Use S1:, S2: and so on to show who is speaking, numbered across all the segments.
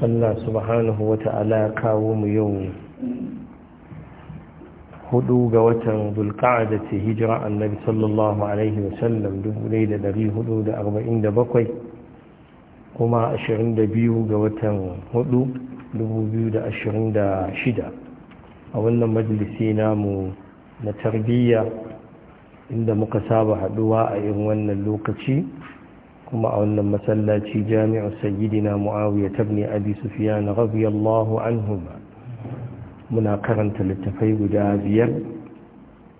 S1: Allah subhanahu wa ta'ala ya kawo mu yau hudu ga watan zulka'ada ta hijira annabi sallallahu alaihi wasallam 1447 kuma 22 ga watan hudu 2026 a wannan majalisi namu na tarbiyya inda muka saba haduwa a irin wannan lokaci كما أن مسلاتي جامع سيدنا معاوية بن أبي سفيان رضي الله عنهما منا قرنت للتفيق دازيا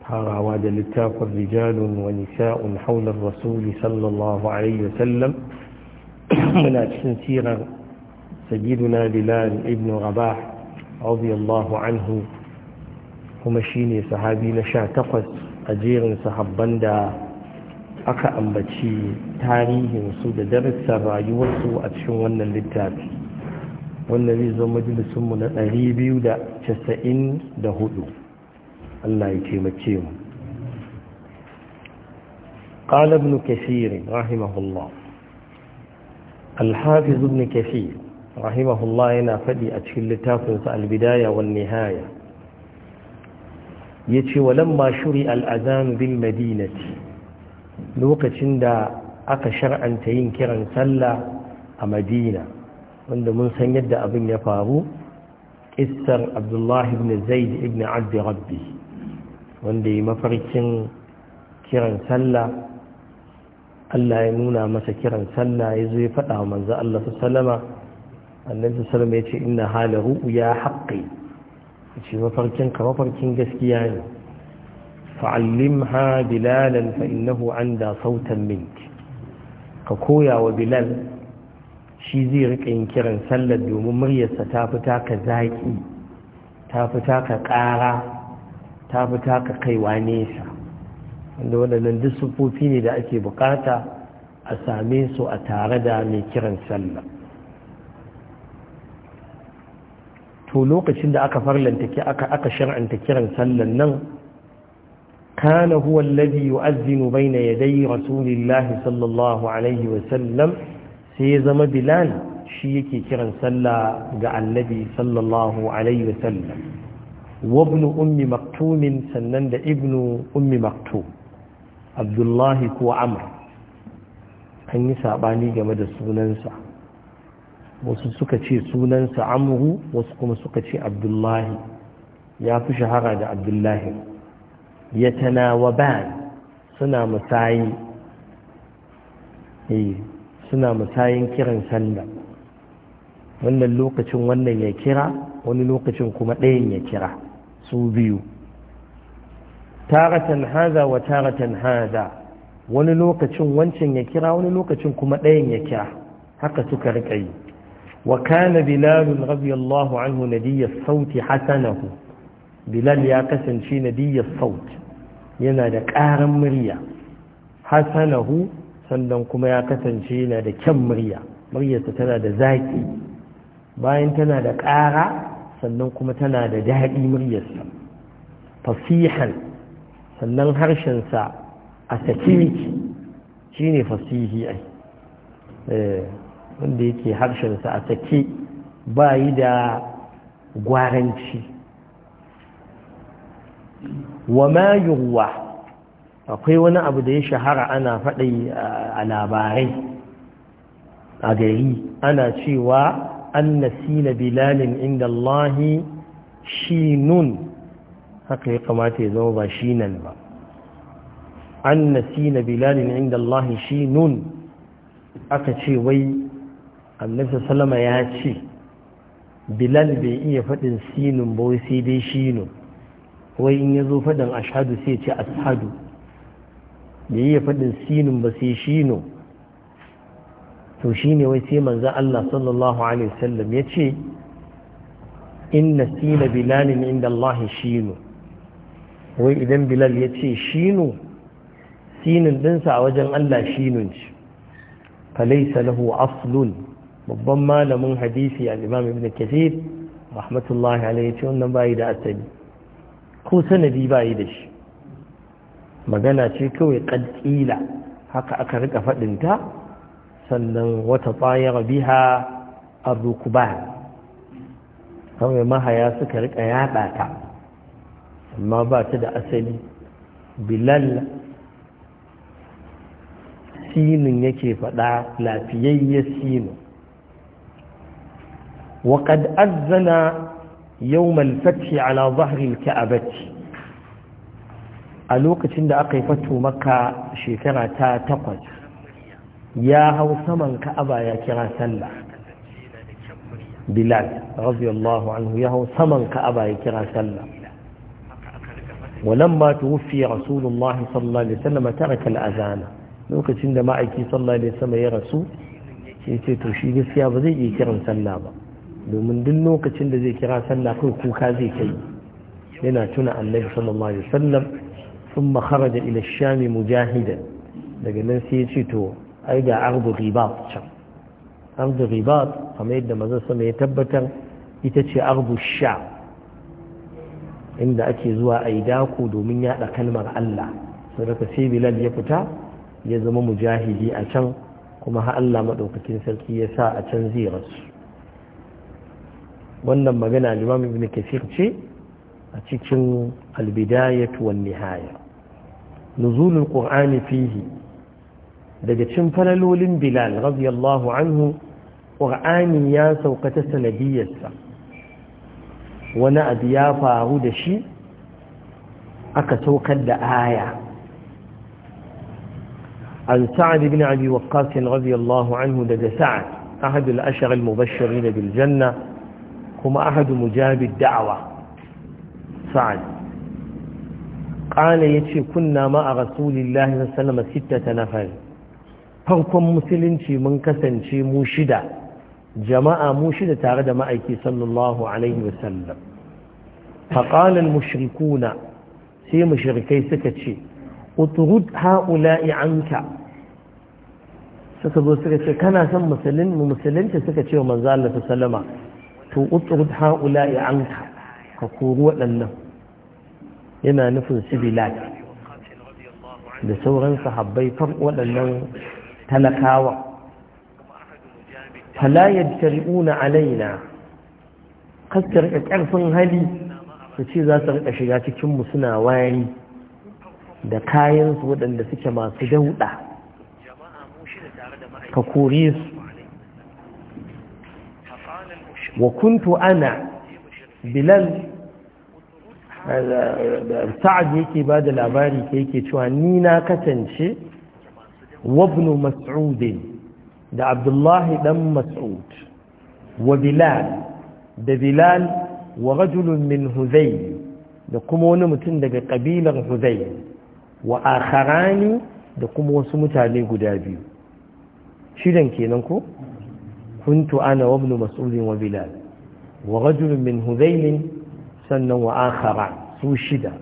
S1: هارا واد للتاف الرجال ونساء حول الرسول صلى الله عليه وسلم منا تنسيرا سيدنا بلال ابن رباح رضي الله عنه ومشيني صحابي نشا تقص أجير صحب بندا aka ambaci tarihinsu da darussan rayuwarsu a cikin wannan littafi wannan zai zo majalisunmu na 294 Allah ya taimake mu قال ابن كثير رحمه الله الحافظ ابن كثير رحمه الله ينافدي أتشل تافنس البداية والنهاية يتشي ولما شرع الأذان بالمدينة lokacin da aka shar'anta yin kiran sallah a madina wanda mun san yadda abin ya faru ƙistar abdullahi ibn zaid ibn abdi rabbi wanda yi mafarkin kiran sallah allah ya nuna masa kiran sallah ya zo ya faɗa wa manzo allah su salama annan su salama ya ce ina hala ru'u ya haƙƙi ce mafarkin ka mafarkin gaskiya ne فعلمها بلالا فإنه عندى صوتا منك ككويا وبلال شي زي رك إنكرا سلد وممرية ستافتاك زاكي تافتاك قارا تافتاك قيوانيسا wanda waɗannan duk sufofi ne da ake buƙata a same su a tare da mai kiran sallah to lokacin da aka farlanta shar'anta kiran sallan nan كان هو الذي يؤذن بين يدي رسول الله صلى الله عليه وسلم سيزم بلال شيكي كرن سلا جاء النبي صلى الله عليه وسلم وابن أم مكتوم سنند ابن أم مكتوم عبد الله كو عمر أن يسابعني جمد سننسا wasu suka ce sunansa amuru wasu kuma suka ce abdullahi ya fi shahara da abdullahi yatanawaban suna musayi eh suna musayin kiran sallah wannan lokacin wannan ya kira wani lokacin kuma ɗayan ya kira su biyu taratan haza wa taratan haza wani lokacin wancan ya kira wani lokacin kuma ɗayan ya kira haka suka riƙa yi wa kana bilalun radiyallahu anhu nadiyya sauti hasanahu bilal ya kasance nadiyar saut yana da ƙaran murya hasanahu sannan kuma ya kasance yana da kyan murya muryarsa tana da zaƙi bayan tana da ƙara sannan kuma tana da daɗi muryarsa fasihan sannan harshensa a sake shi ne fasihi ai eh, wanda yake harshensa a sake ba yi da gwaranci wa ma akwai wani abu da ya shahara ana faɗi a labarai a gari ana cewa an nasila bilalin inda Allahi shi nun haka ya kamata ya zama ba shi nan ba an nasila bilalin inda Allahi shi nun aka ce wai annabta salama ya ce bilal bai iya faɗin sinin ba sai dai shi nun wai in ya zo faɗin ashadu sai ce ashadu da yi ya faɗin sinin ba sai shino to shi ne wai sai manzan Allah sallallahu alaihi wasallam ya ce inna sina bilalin inda Allah shino wai idan bilal ya ce shino sinin ɗinsa a wajen Allah shinun ce falaisa lahu aslun babban malamin hadisi al-imam ibn kathir rahmatullahi alaihi ce wannan bayi da asali ko sanadi ba yi da shi magana ce kawai ƙadƙila haka aka rika faɗinta sannan wata tsayar biha a rukuba kawai mahaya suka rika yaɗa ta amma ba ta da asali bilal sinin yake faɗa lafiyayye sinin waƙad azzana يوم الفتح ala ظهر الكعبة a lokacin da aka yi fato maka shekara ta takwas ya hau saman ka'aba ya kira sallah bilal radiyallahu anhu ya hau saman ka'aba ya kira sallah ولما توفي رسول الله صلى الله عليه وسلم ترك الأذان لوكتين da ma'aiki sallallahu alaihi ya rasu sai ce to shi gaskiya ba zai iya kiran sallah ba domin duk lokacin da zai kira sallah kai kuka zai kai yana tuna annabi sallallahu alaihi wasallam sun kharaja ila ash mujahidan daga nan sai ya ce to ai ga ardu ribat can ardu ribat kamar yadda mazan sama ya tabbatar ita ce ardu sha inda ake zuwa yi dako domin yaɗa kalmar Allah sadaka sai bilal ya fita ya zama mujahidi a can kuma har Allah madaukakin sarki ya sa a can zai rasu wannan magana limam ibn kasir ce a cikin albidayatu wan nihaya nuzulul qur'ani fihi daga cin falalolin bilal radiyallahu anhu qur'ani ya sauka ta sanadiyarsa wani abu ya faru da shi aka saukar da aya عن سعد بن أبي وقاص رضي الله عنه لدى سعد أحد الأشر المبشرين بالجنة kuma ahadu mujabid da'awa sa'ad qala yace kunna ma a rasulillahi sallallahu alaihi wasallam sittata nafar farkon musulunci mun kasance mu shida jama'a mu shida tare da ma'aiki sallallahu alaihi wasallam فقال المشركون sai mushrikai suka ce uturud ha'ula'i anka suka zo suka ce kana son musulun musulunci suka ce wa manzo Allah sallama to utrud ha'ula'i anka ka kori waɗannan yana nufin sibilat da sauran sahabbai far waɗannan talakawa fala yajtari'una alaina kasar rika ƙarfin hali su ce za su rika shiga cikin mu suna wari da kayan waɗanda suke masu dauɗa ka kore su Wakuntu ana bilal eh, sa'ad yake ba da labari ke yake cewa ni na kasance wabnu mas'udin da abdullahi Ɗan mas'ud wa bilal da bilal wa rajulun min huzai da kuma wani mutum daga kabilar huzai wa Akarani da kuma wasu mutane guda biyu shidan kenan ko كنت أنا وابن مسعود وبلال ورجل من هذيل سنة وآخر سوشدا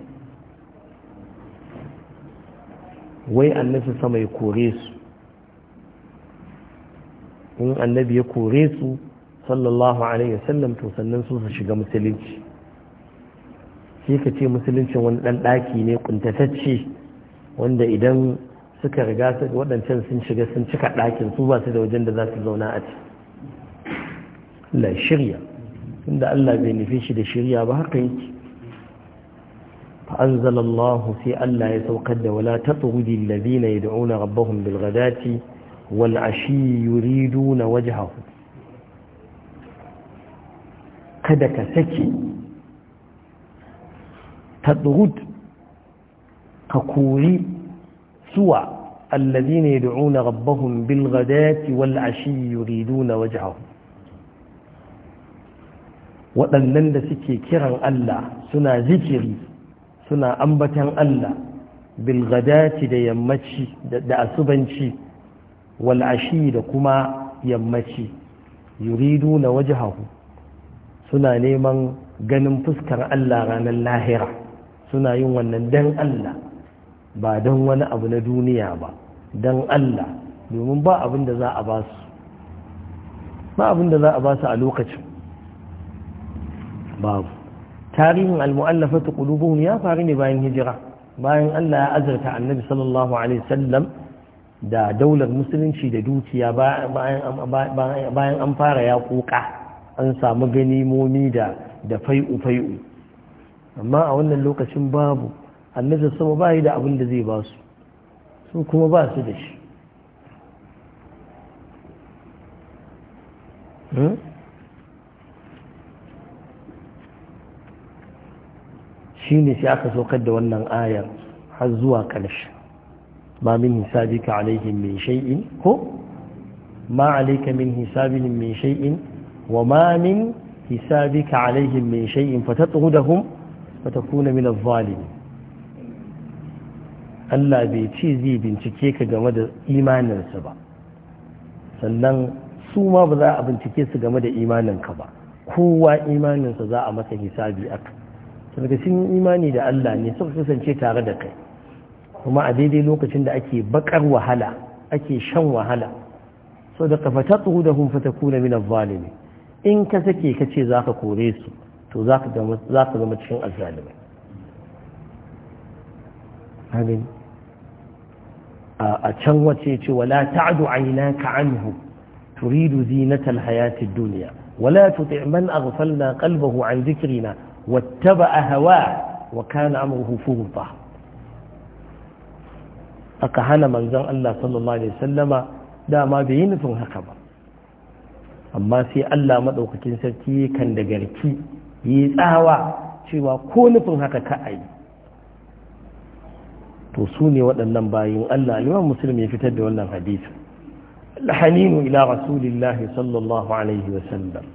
S1: وي النبي سما يكوريس إن النبي يكوريس صلى الله عليه وسلم تسنن سوسة شغا مسلمش sai ce musuluncin wani ɗan ɗaki ne kuntatacce wanda idan suka riga waɗancan sun shiga sun cika ɗakin su ba su da wajen da za su zauna a ciki la shirya inda Allah bai nufi shi da shirya ba haka yake fa anzalallahu fi Allah ya saukar da wala tatghudi alladhina yad'una rabbahum bil ghadati wal ashi yuriduna wajhahu kada ka saki tatghud ka kuri suwa alladhina yad'una rabbahum bil ghadati wal ashi yuriduna wajhahu waɗannan da suke kiran Allah suna zikiri suna ambatan Allah bilgadaci da yammaci da asubanci wal'ashi da kuma yammaci yuridu na wajahu suna neman ganin fuskar Allah ranar lahira suna yin wannan dan Allah ba don wani abu na duniya ba don Allah domin ba abin da za a ba su ba abin da za a ba su a lokacin babu tarihin almu'allafatu qulubuhum ya faru ne bayan hijira bayan Allah ya azurta annabi sallallahu alaihi da daular musulunci da dukiya bayan an fara ya kuka an samu ganimomi da da fai'u fai'u amma a wannan lokacin babu annabi sama ba da abin da zai ba su su kuma ba su da shi hmm? shi ne sai aka saukar da wannan ayar har zuwa ƙarshe ma min hisabika alaihim min shay'in ko ma alayka min hisabihim min shay'in wa ma min hisabika alaihim min shay'in fatatghudahum takuna min adh-dhalimin Allah bai ce zai bincike ka game da imaninsa ba sannan su ma ba za a bincike su game da imaninka ba kowa imaninsa za a masa hisabi aka daga sun imani da Allah ne suka kasance tare da kai kuma a daidai lokacin da ake bakar wahala ake shan wahala so da kafata tsuhudahum fatakuna min adh-dhalimin in ka sake ka ce ka kore su to za zama zama cikin azzalimai amin a can wace ce wala aina ka anhu turidu zinata al-hayati ad-dunya ولا تطع من أغفلنا قلبه عن na. a hawa wa kana amruhu furta aka hana manzon Allah sallallahu alaihi wasallama dama bai yi nufin haka ba amma sai Allah madaukakin sarki kan da garki yi tsawa cewa ko nufin haka ka a yi to su ne waɗannan bayin Allah liman musulmi ya fitar da wannan hadisi
S2: alhaninu ila
S1: rasulillahi sallallahu alaihi wasallam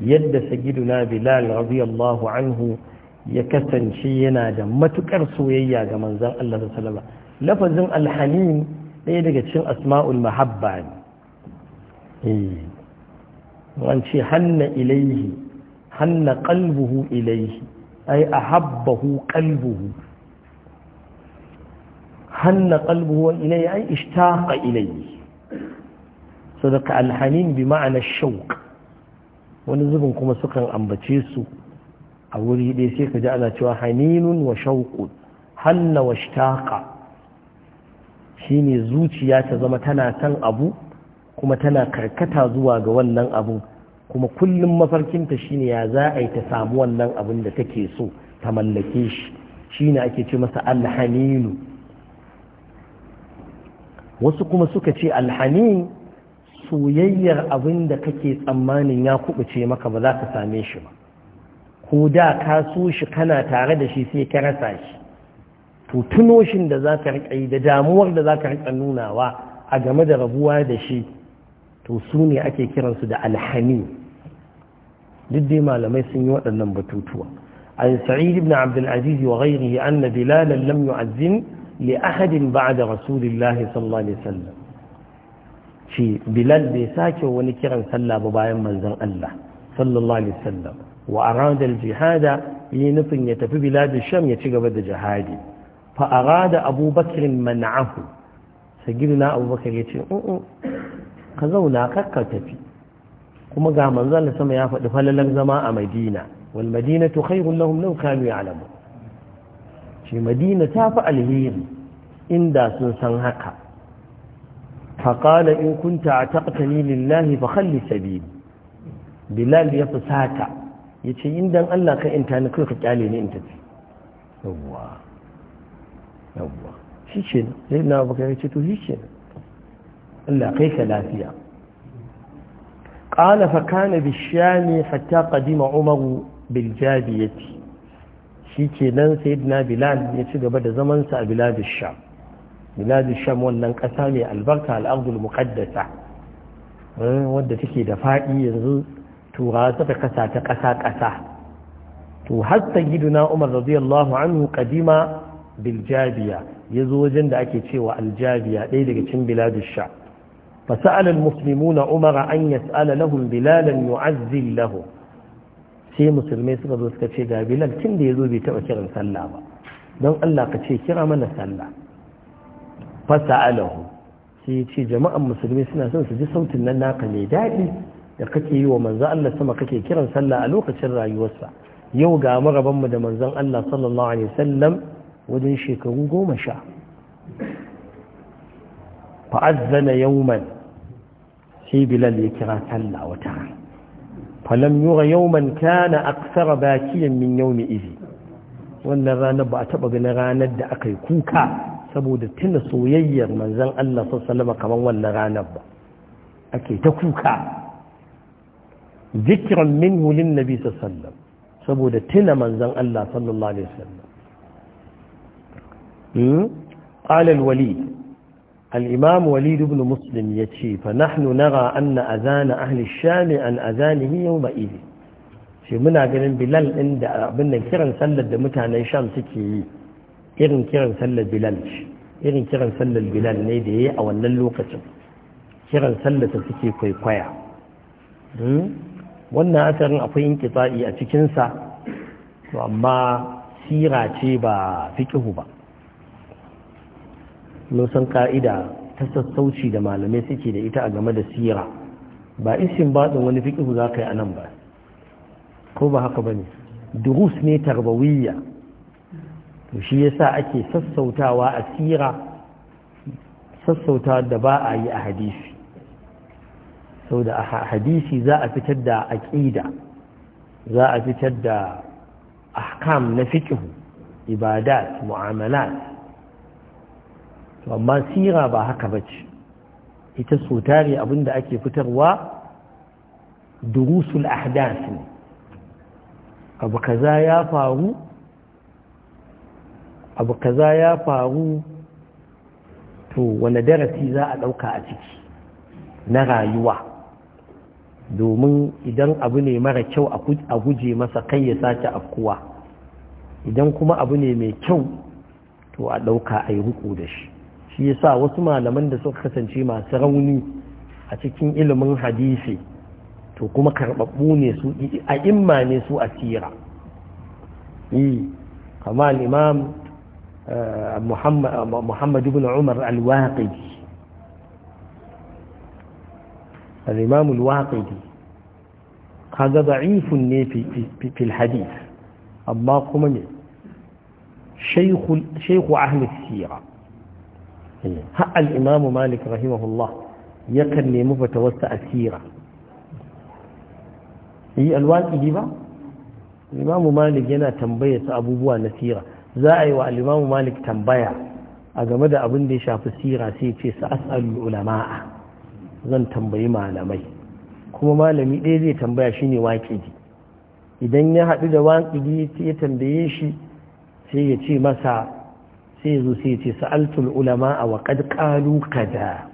S1: yadda sagiduna bilal radiyallahu anhu ya kasance yana da matukar soyayya ga manzan Allah sallama lafazin alhalim ɗaya daga cikin asma'ul mahabba ne eh, an ce hanna ilaihi hanna qalbuhu ilaihi ai ahabbahu qalbuhu hanna qalbuhu ilaihi ai ishtaqa ilaihi sadaka alhalim bi ma'ana shauq wani zubin kuma sukan ambace su a wuri ɗaya sai ka ji ana cewa haninun wa shauku hanna wa shi shine zuciya ta zama tana kan abu kuma tana karkata zuwa ga wannan abun kuma kullum mafarkinta shine ya za a yi ta samu wannan abin da take so ta mallake shi shine ake ce masa alhaninu wasu kuma suka ce alhanin soyayyar abin da kake tsammanin ya kubuce maka ba za ka same shi ba ko da ka so shi kana tare da shi sai ka rasa shi to da za ka yi da damuwar da za ka riƙa nunawa a game da rabuwa da shi to su ne ake kiransu da alhani duk dai malamai sun yi waɗannan batutuwa عن سعيد بن عبد العزيز وغيره أن بلالا لم يعزم لأحد بعد رسول الله صلى الله عليه وسلم ce bilal bai sake wani kiran sallah ba bayan manzon Allah sallallahu alaihi wasallam wa arada al-jihada yi nufin ya tafi bilad sham ya ci gaba da jihadi fa arada abubakar man'ahu sagirna abubakar ya ce ka zauna kakka tafi kuma ga manzon sama ya faɗi falalar zama a madina wal madinatu khairun lahum law kanu ya'lamun ce madina ta fi alheri inda sun san haka فقال إن كنت اعتقتني لله فخلي سبيل بلال يفساتا يتي عندن الله كأنت أنا كيف تعاليني أنت يوا يوا shi ce na sai na abu kai to shi ce Allah kai ka lafiya qala fa kana bi shami hatta qadima umaru bil jadiyati shi ce nan bilal ya ci gaba da zamansa a biladul sham biladu sham wannan ƙasa mai albarka al'adul muqaddasa wadda take da faɗi yanzu tura suka kasa ta ƙasa-ƙasa to har Giduna umar radiyallahu anhu kadima biljabiya ya zo wajen da ake cewa aljabiya ɗaya daga cikin biladu sha فسأل Umar عمر أن يسأل لهم بلالا يعزل sai musulmai suka zo suka ce ga bilal tun da ya zo bai taɓa kiran sallah ba don allah ka ce kira mana sallah fasa sai ya ce jama'an musulmi suna son su ji sautin nan naka mai daɗi da kake yi wa manzon Allah sama kake kiran sallah a lokacin rayuwarsa yau ga mu da manzan Allah sallallahu alaihi wasallam wajen shekaru goma sha fa'azzana yawman sai bilal ya kira sallah wata ran falam yura yawman kana aksara bakiyan min yawmi izi wannan ranar ba a taɓa ganin ranar da aka yi kuka saboda tuna soyayyar manzan Allah sallama kamar wannan ranar ba ake ta kuka zikiran min hulin nabi sallam saboda tuna manzan Allah sallallahu alaihi wasallam قال الوليد الإمام وليد بن مسلم يتشي فنحن نرى أن أذان أهل الشام عن أذانه يومئذ shi muna ganin bilal ɗin da abin nan kiran sallar da mutanen sham suke yi irin kiran sallar bilal irin kiran sallar bilal ne da ya yi a wannan lokacin kiran sallar ta suke kwaikwaya hmm? wannan asarin akwai yin a cikinsa to amma sira ce ba fikihu ba san ka'ida ta sassauci da malamai suke da ita a game da sira ba isin baɗin wani fikihu za ka yi a nan ba ko ba haka ba ne durus ne tarbawiyya to shi yasa ake sassautawa a sira sassautawa da ba a yi a hadisi sau da a hadisi za a fitar da aƙida za a fitar da ahkam na fikihu ibadat mu'amalat to amma sira ba haka bace ita so abinda ake fitarwa durusul ahdas ne abu kaza ya faru abu kaza ya faru to wane darasi za a ɗauka a ciki na rayuwa domin idan abu ne mara kyau a guje masa kai ya sake afkuwa idan kuma abu ne mai kyau to a ɗauka a yi ruku da shi shi yasa wasu malaman da suka kasance masu rauni a cikin ilimin hadisi to kuma karɓaɓɓu ne su a imma ne su a tsira eh, kamar imam آه، محمد, محمد بن عمر الواقدي الإمام الواقدي هذا ضعيف في, في, في الحديث أما قمني شيخ, شيخ أهل السيرة ها الإمام مالك رحمه الله يكن نيمه فتوسع السيرة هي إيه، الواقدي ما الإمام مالك ينا تنبية أبوبوا نسيرة za a yi wa alimamu malik tambaya a game da abin da ya shafi sira sai ce su as'alul ulama'a zan tambayi malamai kuma malami ɗaya zai tambaya shine waƙidi idan ya haɗu da waƙidi ya tambaye shi sai ya ce masa sai zo sai ce sa'altul ulama'a wa ƙadƙalu ka da.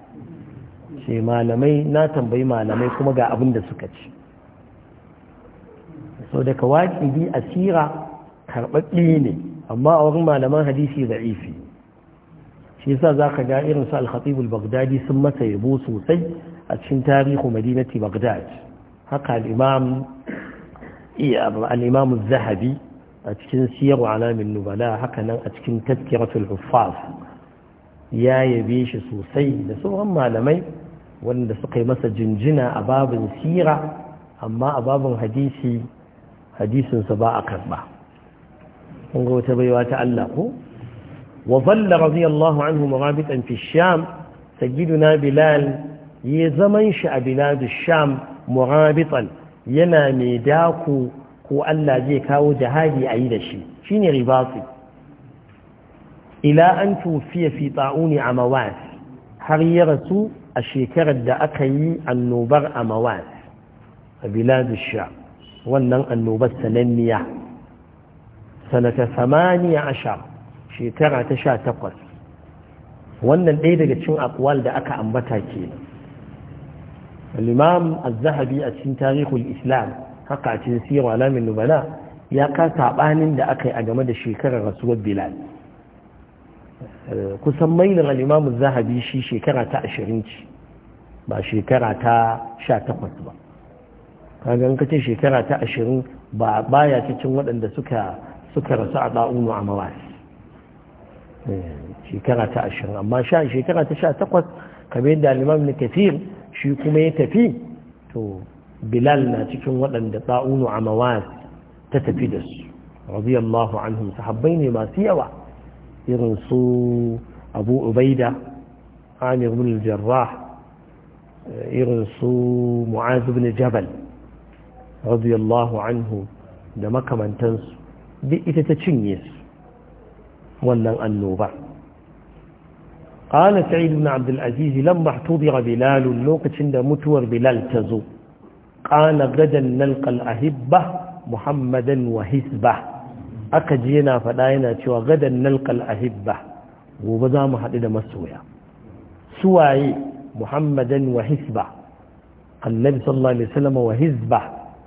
S1: sai malamai na tambayi malamai kuma ga abin da suka ci. sau daga waƙidi asira karɓaɓɓe ne amma a wurin malaman hadisi da'ifi shi yasa zaka ga irin su al bagdadi sun masa yabo sosai a cikin tarihu madinati bagdad haka al-imam zahabi a cikin siyar wa alamin nubala haka nan a cikin tafkiratul huffaz ya yabe shi sosai da sauran malamai wanda suka yi masa jinjina a babin sira amma a babin hadisi hadisinsa ba a karba kun ga wata baiwa ta Allah ko wa zalla radiyallahu anhu murabitan fi sham sayyiduna bilal ya zaman shi a biladu sham murabitan yana mai daku ko Allah zai kawo jihadi a yi da shi shine ribasi ila an tufiya fi ta'uni mawas har ya rasu a shekarar da aka yi annobar mawas a biladu sham wannan annobar sananniya sanata samaniya ashar shekara ta sha takwas wannan ɗaya daga cin akwal da aka ambata ke al zahabi a cikin tarihul islam haka a cikin siyar alamin nubala ya ka saɓanin da aka yi a game da shekarar rasuwar bilal eh, kusan mailin al zahabi shi shekara ta ashirin ce ba shekara ta sha takwas ba ka kace shekara ta ashirin ba baya cikin waɗanda suka suka rasu a ɗa'unu a mawasi eh, shekara ta ashirin amma sha shekara ta sha takwas kamar yadda alimam na kafir shi kuma ya tafi to bilal na cikin waɗanda ɗa'unu a mawasi ta tafi da su radiyallahu anhum sahabbai ne masu yawa irin su abu ubaida amir bin jarrah eh, irin su mu'az bin jabal radiyallahu anhu da makamantansu duk ita ta cinye su wannan annoba. ƙana sa'id na abdulaziz lam ba tobi a bilalun lokacin da mutuwar bilal ta zo ƙana gadan nalkal ahibba muhammadan wa hisba aka ji yana faɗa yana cewa gadan nalkal ahibba gobe zamu mu haɗu da masoya suwaye muhammadan wa hisba annabi sallallahu alaihi wa hisba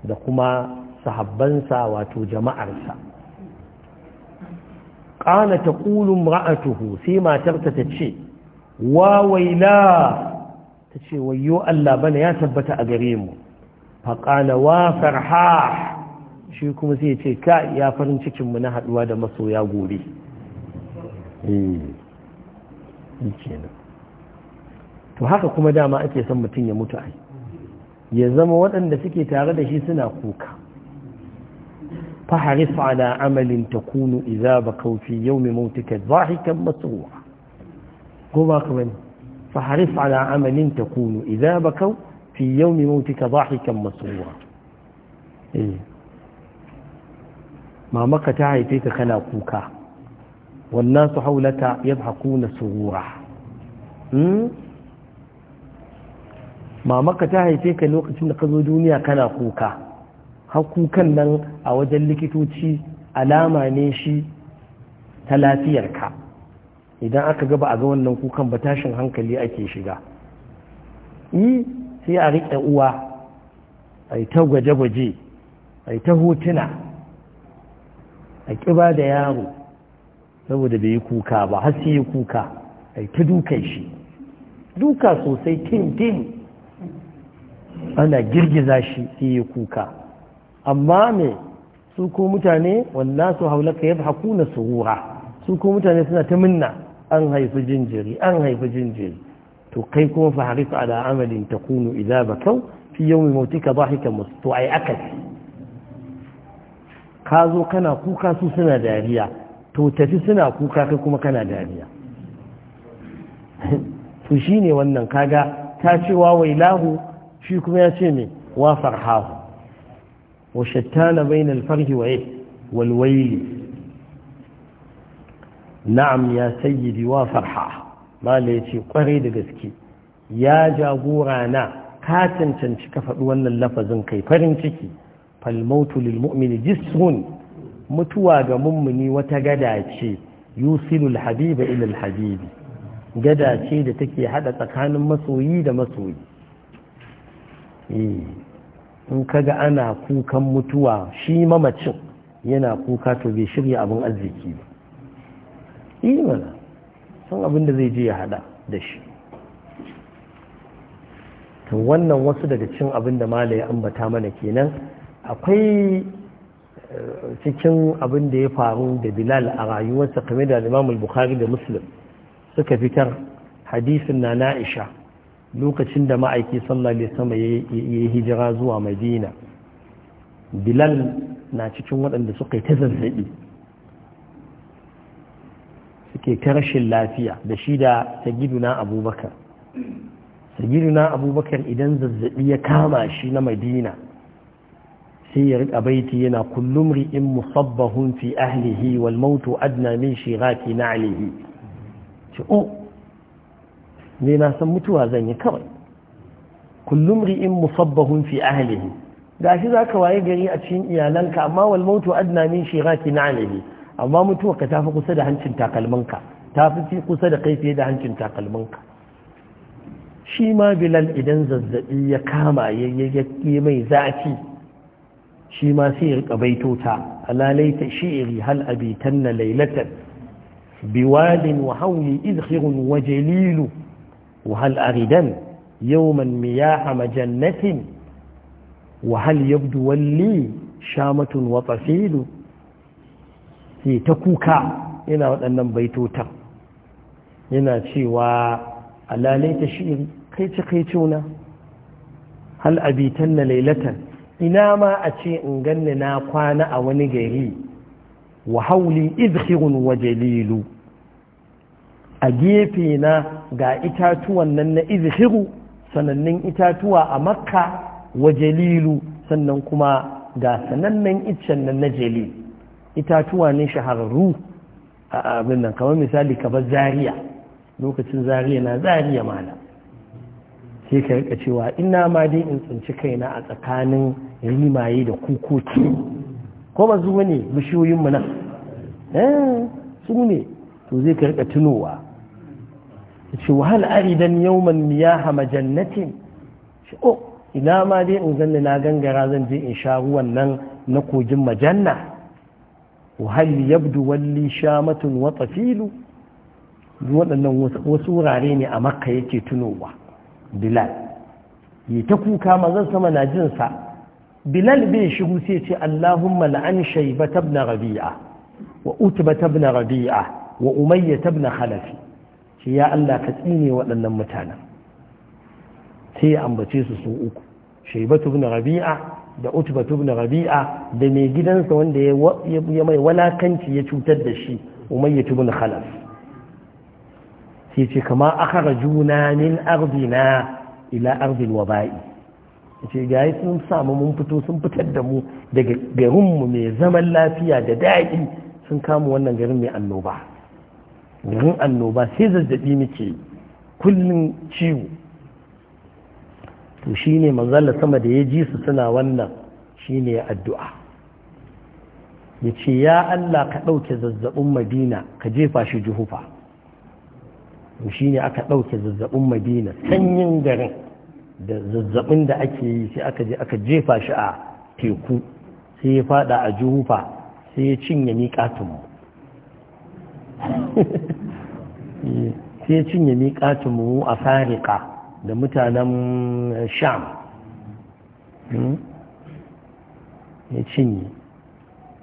S1: da kuma sahabbansa wato jama'arsa qala taqulu imra'atuhu sai matarta ta ce wa waila ta ce wayyo Allah bana ya tabbata a gare mu fa wa farha shi kuma sai ya ce ka ya farin cikin mu na haɗuwa da masoya gobe eh, to haka kuma dama ake son mutum ya mutu ai ya zama waɗanda suke tare da shi suna kuka فحرص على عمل تكون إذا بقوا في يوم موتك ضاحكا مسرورا قوة فحرص على عمل تكون إذا بقوا في يوم موتك ضاحكا مسرورا إيه ما مكة تعيتك كوكا والناس حولك يضحكون سرورا إيه. ما مكة تعيتك الوقت انك الدنيا دنيا كوكا hakukan nan a wajen likitoci alama ne shi ta lafiyarka idan aka gaba a ga wannan kukan ba tashin hankali ake shiga yi sai a riƙe uwa a yi ta gwaje-gwaje a yi ta hotuna a ƙiba da yaro saboda bai yi kuka ba har sai yi kuka a yi ta dukan shi duka sosai tim-tim ana girgiza shi sai yi kuka amma me su ko mutane wanda su ka ya haku na suhura su ko mutane suna ta minna an haifi jinjiri an haifi jinjiri to kai kuma fa harika ala amalin takunu idza bakau fi yawmi mautika dhahika mustu ai akasi ka zo kana kuka su suna dariya to tafi suna kuka kai kuma kana dariya to shine wannan kaga ta ce wa wailahu shi kuma ya ce me wa farhahu وشتان بين الفرج وإيه والويل نعم يا سيدي وفرحة ما ليتي قريد قسكي يا جابورانا كاتن تنشك فأولنا اللفظ كي فرنشكي فالموت للمؤمن جسر متواغ ممني وتقداتي يوصل الحبيب إلى الحبيب قداتي لتكي حدث كان مسوي دا مسوي إيه in kaga ana kukan mutuwa shi mamacin yana kuka to bai shirya abin arziki ba yi mana san abin da zai je ya hada da shi to wannan wasu daga cin abin da mala ya ambata mana kenan akwai eh, cikin abin da ya faru da bilal a rayuwarsa kamar da imamul bukhari da muslim suka fitar hadisin na na'isha lokacin da ma'aiki sallallahu alaihi sama ya hijira zuwa madina bilal na cikin waɗanda suka yi ta zazzaɓi suke ta rashin lafiya da shi da sagiduna abubakar sagiduna abubakar idan zazzaɓi ya kama shi na madina sai ya riƙa baiti yana kullum ri'in musabbahun fi ahlihi wal mautu adna min shiraki na alihi ne na san mutuwa zan yi kawai kullum ri'in musabbahun fi ahlihi za zaka waye gari a cikin iyalanka amma wal mautu adna min shiraki na'lihi amma mutuwa ka tafi kusa da hancin takalminka tafi kusa da kai fiye da hancin takalminka shi ma bilal idan zazzabi ya kama ya yi mai zafi shi ma sai ya rika baitota alalaita shi'iri hal abitanna lailatan biwadin wa hauli idkhirun wa jalilu وهل أردا يوما مياه مجنة وهل يبدو لي شامة وطفيل في تكوكا ina waɗannan baitotan yana cewa a ta shi'iri kai ci kai cuna hal abitan na lailatan ina ma a ce in ganni na kwana a wani gari wa hauli izhirun wa jalilu a gefe na ga itatuwan nan na izhiru sanannen itatuwa a makka wa jalilu sannan kuma ga sanannen iccen nan na jalil itatuwa ne shahararru a abin nan kamar misali kamar zariya lokacin zariya na zariya mana sai ka rika cewa ina ma dai in tsinci kaina a tsakanin rimaye da kukoki ko ba zuwa ne bishiyoyinmu nan eh su ne to zai ka rika tunowa ce hal aridan yawman miyaha majannatin ce o oh, ina ma dai in zanna na gangara zan je in sha ruwan nan na kogin majanna wahal yabdu walli shamatun wa tafilu waɗannan wasu wurare ne a makka yake tunowa bilal yi ta kuka mazan sama na jin sa bilal bai shigo sai ce allahumma la'an shaiba ibn rabi'a wa utba ibn rabi'a wa umayya ibn khalafi shi ya Allah ka tsine waɗannan mutanen sai ya ambace su su uku shaibatu ibn rabi'a da utbatu ibn rabi'a da mai gidansa wanda ya mai walakanci ya cutar da shi umayyatu ibn khalaf sai ce kama akhrajuna min ardina ila ardil waba'i ce gayi sun samu mun fito sun fitar da mu daga garinmu mai zaman lafiya da daɗi sun kama wannan garin mai annoba garin annoba sai zazzaɓi muke kullum ciwo to shine manzala sama da ya ji su suna wannan shine ya addu'a ya ce ya Allah ka ɗauke zazzabin madina ka jefa shi juhufa to shine aka ɗauke zazzabin madina sanyin garin da zazzabin da ake yi sai aka je aka jefa shi a teku sai ya fada a juhufa sai ya cinye miƙatunmu sai ya cinye miƙatun mu a farika da mutanen eh, sham hmm? ya cinye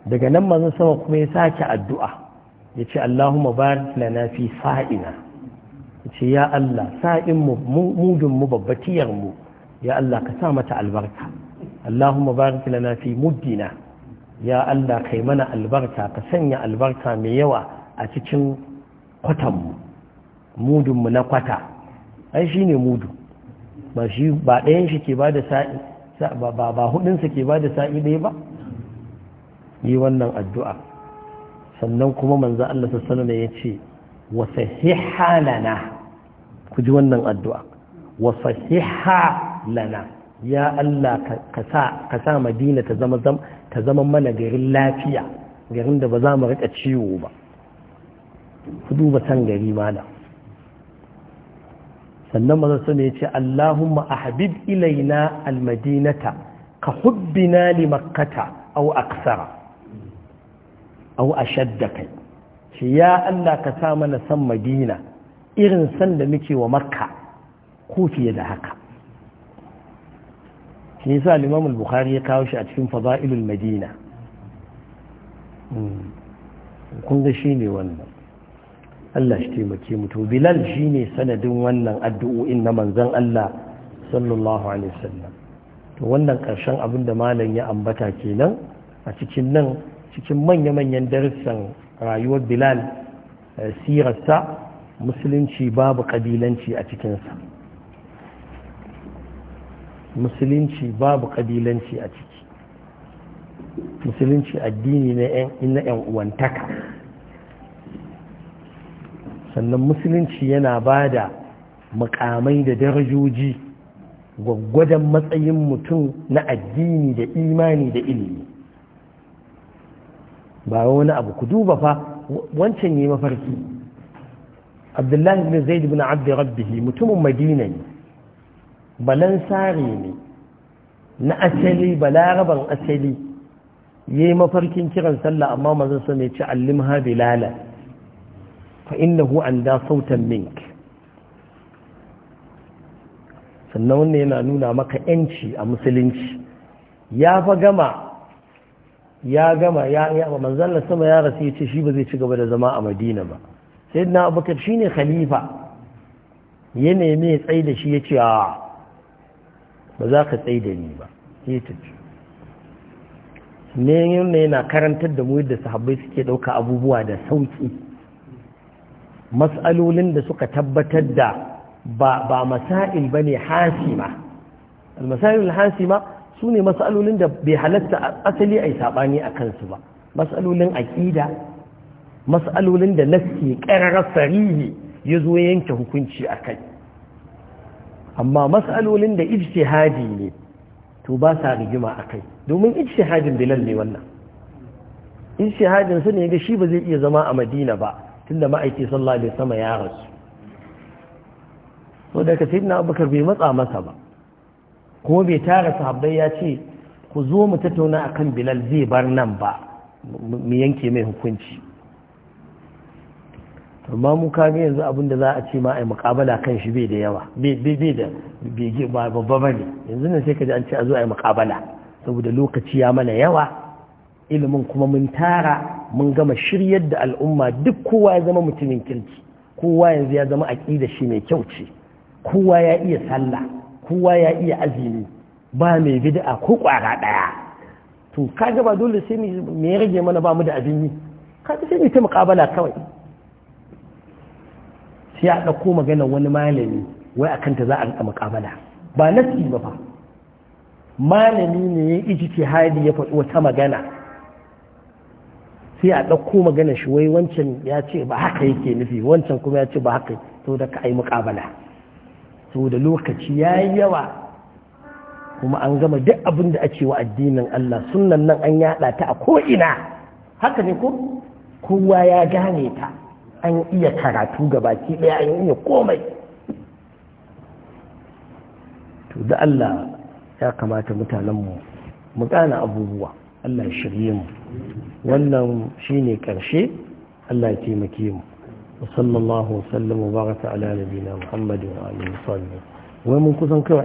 S1: daga nan mazan sama kuma ya sake addu'a ya ce Allahumma da na fi sa'ina ya ce ya Allah sa'in mu mudun ya Allah ka sa mata albarka Allahumma da na fi muddina ya Allah kai mana albarka ka sanya albarka mai yawa a cikin kwatanmu mudunmu na kwata ai shi ne mudu ba shi ba ɗayan shi ke ba da sa'i ba hudunsa ke ba da sa'i ɗaya ba yi wannan addu'a sannan kuma manzo Allah sassana ya ce wasa lana ku ji wannan addu'a wasa lana ya Allah ka sa madina ta zama mana garin lafiya garin da ba za mu rika ciwo ba ku duba san gari malam sannan mazan su ne ce Allahumma habib ilaina almadinata ka hubbina li makkata au aksara au ashadda kai shi ya Allah ka sa mana san madina irin san da muke wa makka ko fiye da haka shi yasa al-Imam al-Bukhari ya kawo shi a cikin Fada'ilul Madina hmm. kun ga shine wannan Allah shi taimake mu to Bilal shine sanadin wannan addu'o'in na manzon Allah sallallahu alaihi wasallam to wannan karshen abin da malam ya ambata kenan a cikin nan cikin manya-manyan darussan rayuwar Bilal eh, sirarsa musulunci babu kabilanci a cikinsa musulunci babu kabilanci a ciki musulunci addini eh, na 'yan uwantaka sannan musulunci yana ba da makamai da darajoji gwaggwadon matsayin mutum na addini da imani da ilimi ba wani abu ku duba fa wancan ne mafarki abdullahi bin zaid bin abdi rabbihi mutumin madina ne Balansari ne na asali balaraban asali yayi mafarkin kiran sallah amma manzon sa ne ci allimha bilala فإنه عندها صوتا منك sannan yana nuna maka ‘yanci a musulunci ya fa gama ya gama ya yaba manzalla sama ya rasu ya ce shi ba zai ci gaba da zama a madina ba sai na abubakar shi ne khalifa ya nemi ya tsaye da shi ya ce a ba za ka tsaye da ni ba ya tafi ne yana karantar da mu yadda sahabbai suke ɗauka abubuwa da sauki matsalolin da suka tabbatar da ba masa'il ba hasima al-masa'il hasima su ne da bai halatta asali a yi saɓani a kansu ba matsalolin aƙida matsalolin da nassi ƙararar sarihi ya zo yanke hukunci a kai amma matsalolin da ijtihadi ne to ba sa rigima a kai domin ijtihadin bilal ne wannan ijtihadin su ne ga shi ba zai iya zama a madina ba tunda ma'aiki sallallahu alaihi sama ya rasu so daga na abubakar bai matsa masa ba kuma bai tara sahabbai ya ce ku zo mu tattauna a kan bilal zai bar nan ba mu yanke mai hukunci amma mu kage yanzu abin da za a ce ma ai kan shi bai da yawa bai da bai babba ne, yanzu ne sai ka ji an ce a zo a yi mukabala saboda lokaci ya mana yawa ilimin kuma mun tara mun gama shiryar da al'umma duk kowa ya zama mutumin kirki kowa yanzu ya zama aƙida shi mai kyau ce kowa ya iya sallah kowa ya iya azumi ba mai bid'a ko ƙwara ɗaya to kaga ba dole sai mu ya rage mana ba mu da abin yi kaga sai mu ta muƙabala kawai sai a ɗauko magana wani malami wai akan ta za a riƙa muƙabala ba nasi ba fa malami ne ya ijiti Hadi ya faɗi wata magana sai a ɗauko magana shi wai wancan ya ce ba haka yake nufi wancan kuma ya ce ba haka to da ka ai muƙabala to da lokaci ya yi yawa kuma an gama duk abin da ake wa addinin Allah sunnan nan an yaɗa ta a ko'ina haka ne ko kowa ya gane ta an iya karatu ga baki ɗaya an iya komai to da Allah ya kamata mutanenmu mu gane abubuwa Allah ya shirye mu wannan shine karshe Allah ya taimake mu wa sallallahu wa sallam wa baraka ala nabiyina Muhammadin wa alihi wa sahbihi wai mun kusan kawai